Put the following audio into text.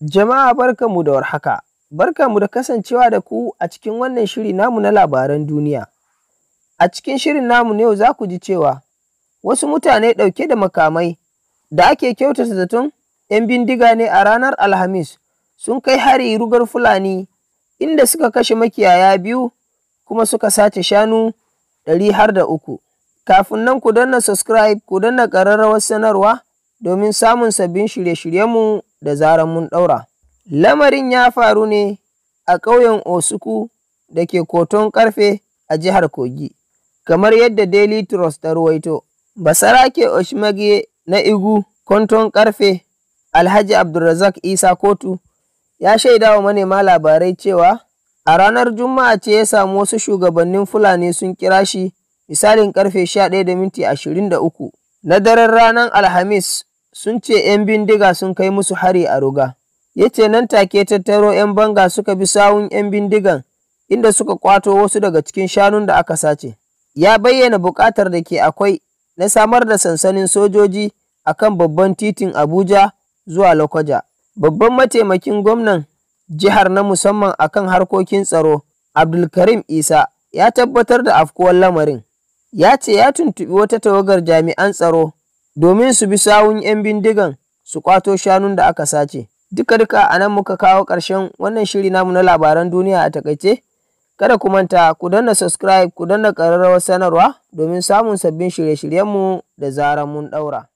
Jama'a barkanmu da warhaka, barkanmu da kasancewa da ku a cikin wannan shiri namu na labaran duniya. A cikin shirin namu na yau za ku ji cewa wasu mutane ɗauke da makamai da ake kyautata zaton 'yan bindiga ne a ranar Alhamis sun kai hari rugar Fulani inda suka kashe makiyaya biyu kuma suka sace shanu ɗari har da uku. Kafin nan ku danna subscribe ku danna ƙararrawar sanarwa domin samun sabbin shirye-shiryenmu da zarar mun ɗaura. Lamarin ya faru ne a ƙauyen Osuku da ke Koton Ƙarfe a jihar Kogi, kamar yadda Daily Trust ta ruwaito. Basarake Oshimage na Igu Kwanton Ƙarfe Alhaji Abdulrazak Isa Kotu ya shaida wa manema labarai cewa a ranar Juma'a ce ya samu wasu shugabannin Fulani sun kira shi misalin ƙarfe 11:23 na daren ranar Alhamis sun ce ‘yan bindiga sun kai musu hari a ruga. Ya ce nan take tattaro ‘yan banga suka bi sawun ‘yan bindigan inda suka kwato wasu daga cikin shanun da aka sace. Ya bayyana buƙatar da ke akwai na samar da sansanin sojoji a kan babban titin Abuja zuwa Lokoja. Babban mataimakin gwamnan jihar na musamman a kan harkokin tsaro, Abdulkarim Isa, ya tabbatar da afkuwar lamarin. Ya ce ya tuntuɓi wata tawagar jami'an tsaro domin su bi sawun 'yan bindigan su kwato shanun da aka sace. Duka-duka a nan muka kawo ƙarshen wannan shiri namu na labaran duniya a takaice. Kada ku manta ku danna subscribe ku danna ƙararrawar sanarwa domin samun sabbin shirye-shiryenmu da zarar mun ɗaura.